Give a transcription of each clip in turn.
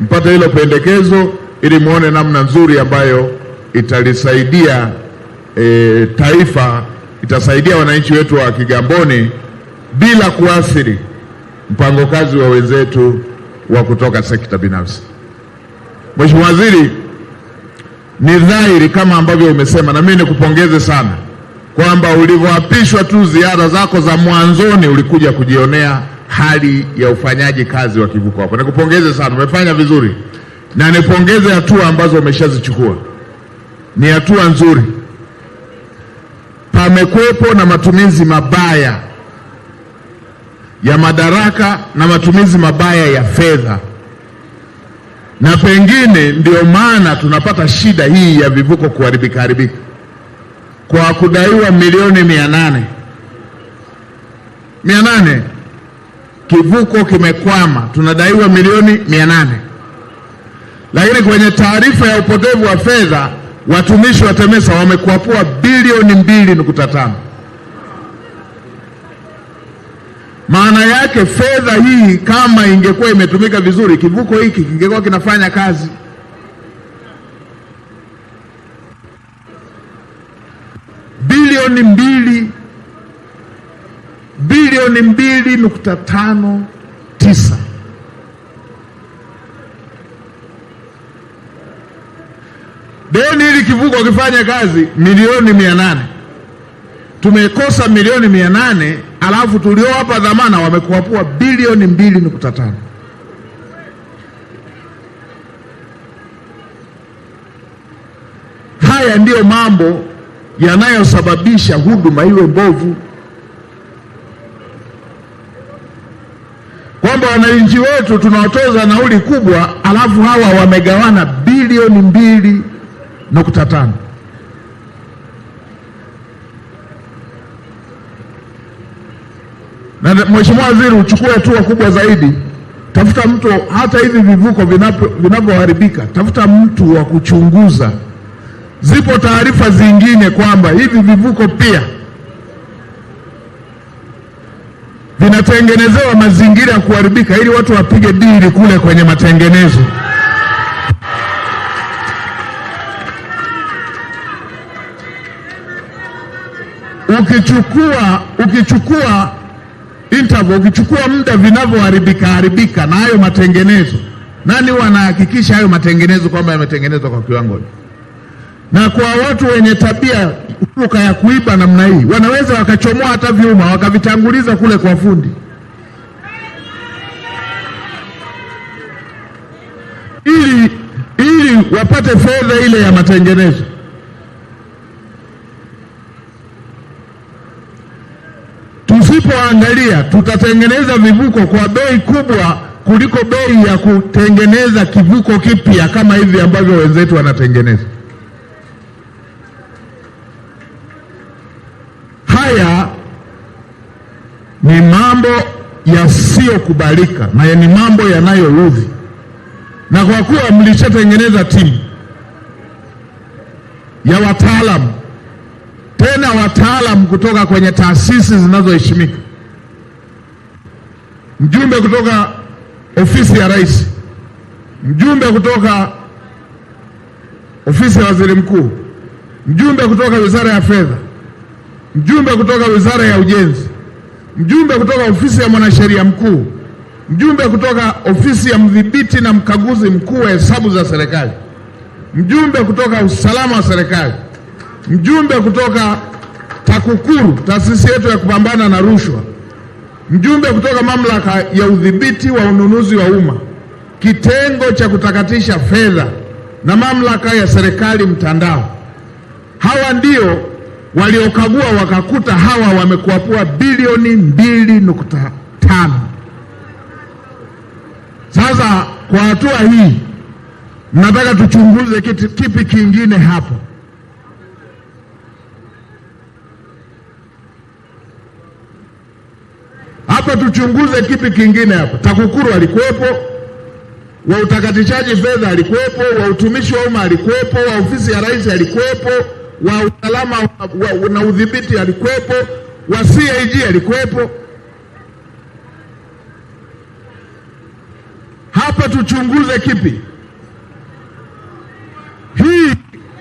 mpate hilo pendekezo ili muone namna nzuri ambayo italisaidia e, taifa, itasaidia wananchi wetu wa Kigamboni bila kuathiri mpango kazi wa wenzetu wa kutoka sekta binafsi. Mheshimiwa Waziri, ni dhahiri kama ambavyo umesema, na mimi nikupongeze sana kwamba ulivyoapishwa tu, ziara zako za mwanzoni ulikuja kujionea hali ya ufanyaji kazi wa kivuko hapo. Nikupongeze sana, umefanya vizuri, na nipongeze hatua ambazo umeshazichukua, ni hatua nzuri. Pamekuwepo na matumizi mabaya ya madaraka na matumizi mabaya ya fedha, na pengine ndio maana tunapata shida hii ya vivuko kuharibika haribika kwa kudaiwa milioni mia nane mia nane kivuko kimekwama, tunadaiwa milioni mia nane. Lakini kwenye taarifa ya upotevu wa fedha watumishi wa TEMESA wamekwapua bilioni mbili nukta tano. Maana yake fedha hii kama ingekuwa imetumika vizuri, kivuko hiki kingekuwa kinafanya kazi. Bilioni mbili bilioni mbili nukta tano tisa deni hili kivuko wakifanya kazi milioni mia nane tumekosa milioni mia nane alafu tuliowapa dhamana wamekuapua bilioni mbili nukta tano Haya ndiyo mambo yanayosababisha huduma iwe mbovu. wananchi wetu tunawatoza nauli kubwa, alafu hawa wamegawana bilioni mbili nukta tano. Na Mheshimiwa Waziri, uchukue hatua kubwa zaidi, tafuta mtu, hata hivi vivuko vinavyoharibika, tafuta mtu wa kuchunguza. Zipo taarifa zingine kwamba hivi vivuko pia vinatengenezewa mazingira ya kuharibika ili watu wapige dili kule kwenye matengenezo. Ukichukua ukichukua interval, ukichukua muda vinavyoharibika haribika na hayo matengenezo, nani huwa anahakikisha hayo matengenezo kwamba yametengenezwa kwa kiwango na kwa watu wenye tabia uka ya kuiba namna hii, wanaweza wakachomoa hata vyuma wakavitanguliza kule kwa fundi, ili ili wapate fedha ile ya matengenezo. Tusipoangalia tutatengeneza vivuko kwa bei kubwa kuliko bei ya kutengeneza kivuko kipya kama hivi ambavyo wenzetu wanatengeneza. ni mambo yasiyokubalika na ni mambo yanayoudhi, na kwa kuwa mlishatengeneza timu ya wataalamu, tena wataalamu kutoka kwenye taasisi zinazoheshimika, mjumbe kutoka ofisi ya rais, mjumbe kutoka ofisi ya waziri mkuu, mjumbe kutoka wizara ya fedha, mjumbe kutoka wizara ya ujenzi mjumbe kutoka ofisi ya mwanasheria mkuu, mjumbe kutoka ofisi ya mdhibiti na mkaguzi mkuu wa hesabu za serikali, mjumbe kutoka usalama wa serikali, mjumbe kutoka TAKUKURU, taasisi yetu ya kupambana na rushwa, mjumbe kutoka mamlaka ya udhibiti wa ununuzi wa umma, kitengo cha kutakatisha fedha na mamlaka ya serikali mtandao. Hawa ndio Waliokagua wakakuta hawa wamekuapua bilioni mbili nukta tano. Sasa kwa hatua hii mnataka tuchunguze kipi kingine hapo? Hapa tuchunguze kipi kingine hapo? TAKUKURU alikuwepo, wa utakatishaji fedha alikuwepo, wa utumishi wa umma alikuwepo, wa ofisi ya rais alikuwepo wa usalama na udhibiti alikuwepo, wa CAG alikuwepo. Hapa tuchunguze kipi? Hii,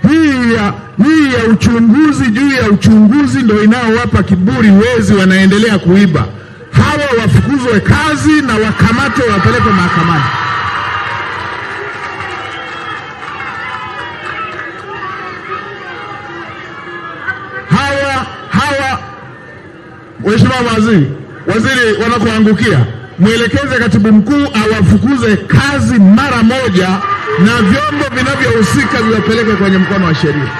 hii, ya, hii ya uchunguzi juu ya uchunguzi ndio inayowapa kiburi wezi, wanaendelea kuiba. Hawa wafukuzwe kazi na wakamatwe, wapelekwe mahakamani. Mheshimiwa Waziri, waziri wanakoangukia, mwelekeze katibu mkuu awafukuze kazi mara moja na vyombo vinavyohusika viwapeleke kwenye mkono wa sheria.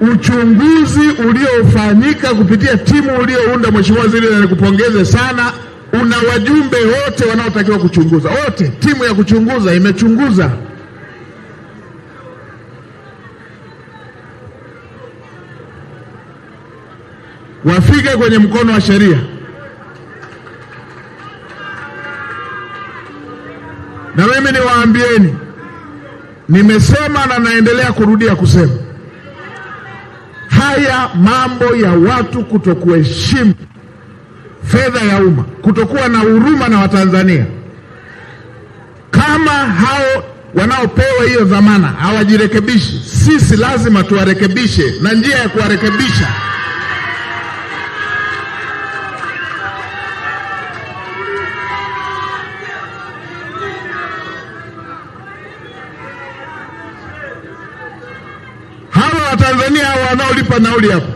Uchunguzi uliofanyika kupitia timu uliounda, Mheshimiwa Waziri, na nikupongeze sana una wajumbe wote wanaotakiwa kuchunguza, wote. Timu ya kuchunguza imechunguza. Wafike kwenye mkono wa sheria. Na mimi niwaambieni, nimesema na naendelea kurudia kusema haya mambo ya watu kutokuheshimu fedha ya umma, kutokuwa na huruma na Watanzania. Kama hao wanaopewa hiyo dhamana hawajirekebishi, sisi lazima tuwarekebishe, na njia ya kuwarekebisha hawa Watanzania hawa wanaolipa nauli hapo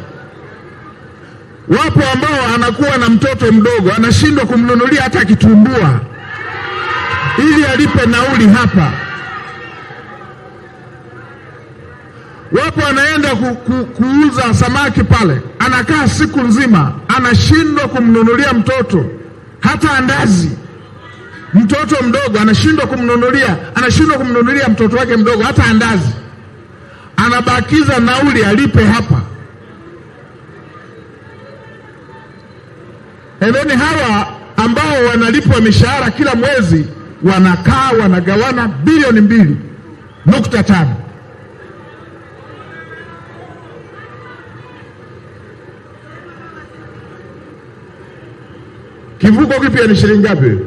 Wapo ambao anakuwa na mtoto mdogo anashindwa kumnunulia hata kitumbua ili alipe nauli hapa. Wapo anaenda ku, ku, kuuza samaki pale, anakaa siku nzima, anashindwa kumnunulia mtoto hata andazi. Mtoto mdogo anashindwa kumnunulia, anashindwa kumnunulia mtoto wake mdogo hata andazi, anabakiza nauli alipe hapa. Heveni hawa ambao wanalipwa mishahara kila mwezi wanakaa wanagawana bilioni mbili nukta tano. Kivuko kipya ni shilingi ngapi?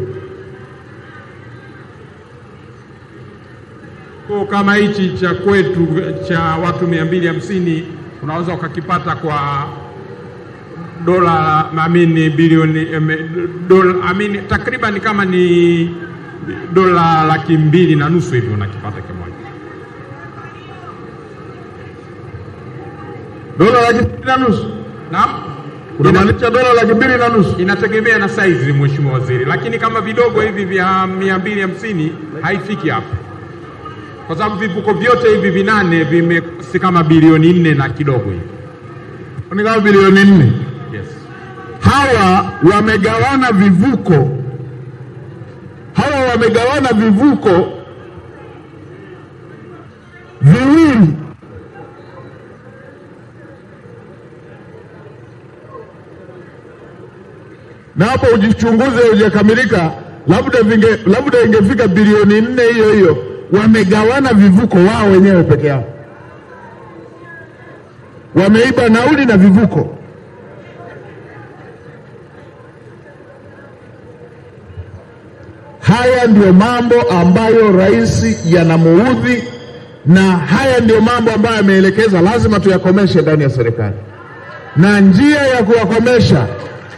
Kama hichi cha kwetu cha watu mia mbili hamsini unaweza ukakipata kwa dola amini bilioni eh, dola amini takriban kama ni dola laki mbili na nusu hivi unakipata kimoja. Dola laki mbili na nusu. Naam. Unamaanisha dola laki mbili na nusu. Inategemea na size, Mheshimiwa Waziri, lakini kama vidogo hivi vya mia mbili hamsini haifiki hapo, kwa sababu vipuko vyote hivi vinane vime si kama bilioni nne na kidogo hivi, ni kama bilioni nne hawa wamegawana vivuko, hawa wamegawana vivuko viwili na hapo ujichunguze, hujakamilika labda vinge, labda ingefika bilioni nne hiyo hiyo. Wamegawana vivuko wao wenyewe peke yao, wameiba nauli na vivuko. Haya ndiyo mambo ambayo rais yanamuudhi, na haya ndiyo mambo ambayo ameelekeza lazima tuyakomeshe ndani ya serikali, na njia ya kuwakomesha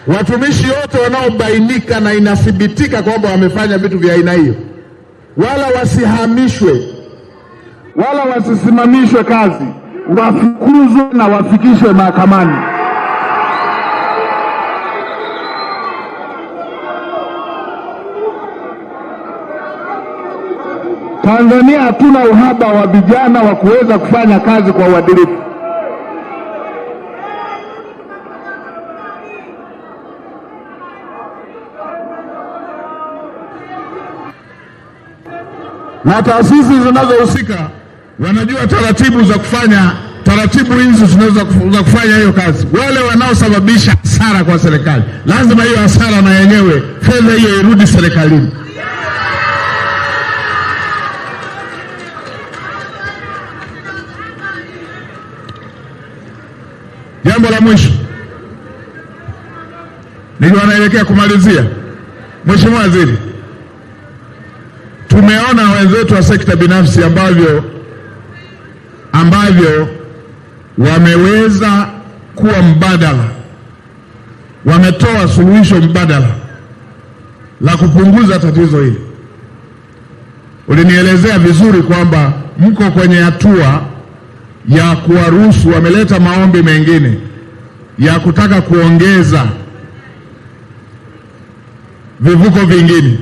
watumishi wote wanaobainika na inathibitika kwamba wamefanya vitu vya aina hiyo, wala wasihamishwe wala wasisimamishwe kazi, wafukuzwe na wafikishwe mahakamani. Tanzania hatuna uhaba wa vijana wa kuweza kufanya kazi kwa uadilifu. Na taasisi zinazohusika wanajua taratibu za kufanya taratibu hizi zinaweza kufanya hiyo kazi. Wale wanaosababisha hasara kwa serikali, lazima hiyo hasara na yenyewe fedha hiyo irudi serikalini. Jambo la mwisho niliwa naelekea kumalizia, Mheshimiwa Waziri, tumeona wenzetu wa sekta binafsi ambavyo ambavyo wameweza kuwa mbadala, wametoa suluhisho mbadala la kupunguza tatizo hili. Ulinielezea vizuri kwamba mko kwenye hatua ya kuwaruhusu, wameleta maombi mengine ya kutaka kuongeza vivuko vingine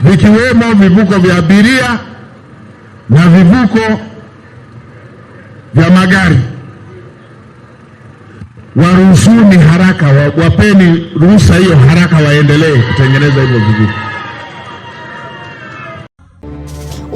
vikiwemo vivuko vya abiria na vivuko vya magari. Waruhusuni haraka, wapeni ruhusa hiyo haraka, waendelee kutengeneza hivyo vivuko.